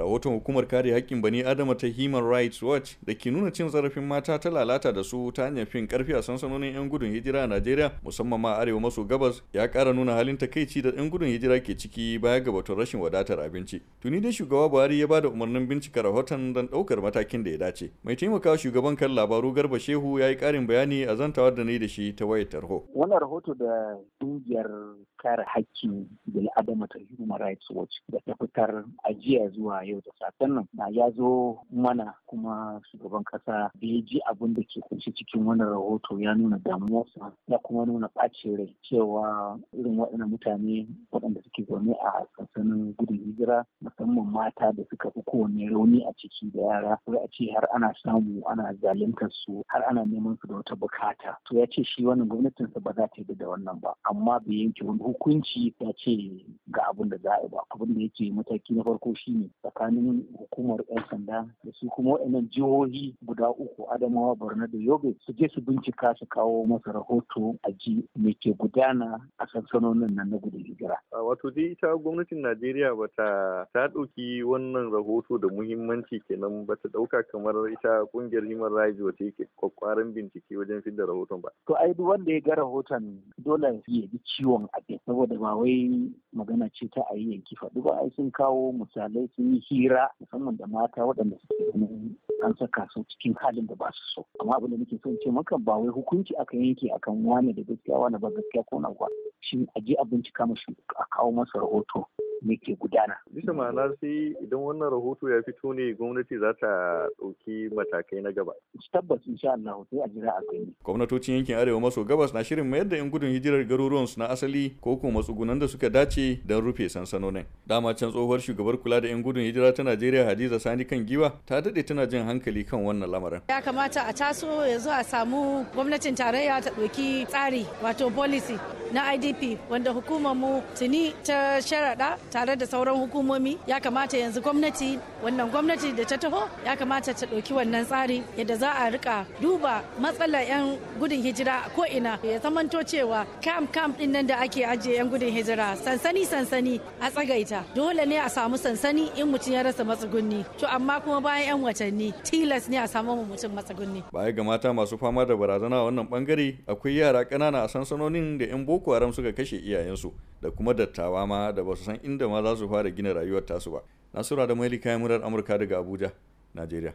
rahoton hukumar kare haƙƙin bani adama ta human rights watch da ke nuna cin zarafin mata ta lalata da su ta hanyar fin karfi a sansanonin 'yan gudun hijira a najeriya musamman ma arewa maso gabas ya kara nuna halin takaici da 'yan gudun hijira ke ciki baya ga batun rashin wadatar abinci tuni dai shugaba buhari ya bada umarnin bincika rahoton don ɗaukar matakin da ya dace mai taimakawa shugaban kan labaru garba shehu ya yi karin bayani a zantawar da ni da shi ta wayar tarho wannan rahoto da ƙungiyar kare hakkin bil'adama ta Human Rights Watch da ta fitar ajiya zuwa yau da safen nan na ya zo mana kuma shugaban kasa da ya ji abin da ke kunshi cikin wannan rahoto ya nuna damuwarsa ya kuma nuna ɓacin rai cewa irin waɗannan mutane waɗanda suke zaune a sansanin gudun hijira musamman mata da suka fi kowane rauni a ciki da yara sai a ce har ana samu ana zaluntar su har ana neman su da wata bukata to ya ce shi wannan gwamnatinsa ba za ta yi da wannan ba amma bai yanke wani hukunci ta ce ga abin da za a yi ba abin da yake mataki na farko shine tsakanin hukumar 'yan sanda da su kuma wa'annan jihohi guda uku adamawa borno da yobe su je su bincika su kawo masa rahoto a ji me ke gudana a sansanonin nan na gudun hijira. wato dai ita gwamnatin najeriya ba ta ɗauki wannan rahoto da muhimmanci kenan ba ta ɗauka kamar ita ƙungiyar human rights wata yake kwakwaran bincike wajen fidda rahoton ba. to ai duk wanda ya ga rahoton dole ya ji ciwon abin saboda ba wai magana ce ta a yi yanki faɗi ba sun kawo misalai sun yi hira musamman da mata waɗanda suke ganin an saka su cikin halin da ba su so amma abin da nake son ce maka ba wai hukunci aka yanke akan wani da gaskiya wani ba gaskiya ko na ba shi a je a bincika mashi a kawo masa rahoto ne ke gudana. Bisa ma'ana sai idan wannan rahoto ya fito ne gwamnati za ta ɗauki matakai na gaba. Tabbas insha Allah sai a jira a gani. Gwamnatocin yankin Arewa maso gabas na shirin mayar da 'yan gudun hijirar garuruwan su na asali ko kuma matsugunan da suka dace don rufe sansanonin. Dama can tsohuwar shugabar kula da 'yan gudun hijira ta Najeriya Hadiza Sani kan giwa ta daɗe tana jin hankali kan wannan lamarin. Ya kamata a taso yanzu a samu gwamnatin tarayya ta ɗauki tsari wato policy na IDP wanda hukumar mu tuni ta sharaɗa tare da sauran hukumomi ya kamata yanzu gwamnati wannan gwamnati da ta taho ya kamata ta ɗauki wannan tsari yadda za a rika duba matsalar 'yan gudun hijira ko ina ya zamanto cewa kam kam din nan da ake ajiye 'yan gudun hijira sansani sansani a tsagaita dole ne a samu sansani in mutum ya rasa matsugunni to amma kuma bayan 'yan watanni tilas ne a samu mutum matsugunni baya ga mata masu fama da barazana wannan bangare akwai yara kanana a sansanonin da 'yan boko haram suka kashe iyayensu da kuma dattawa ma da ba su san inda ma za su fara gina rayuwar tasu ba nasura da maili kayan murar amurka daga abuja najeriya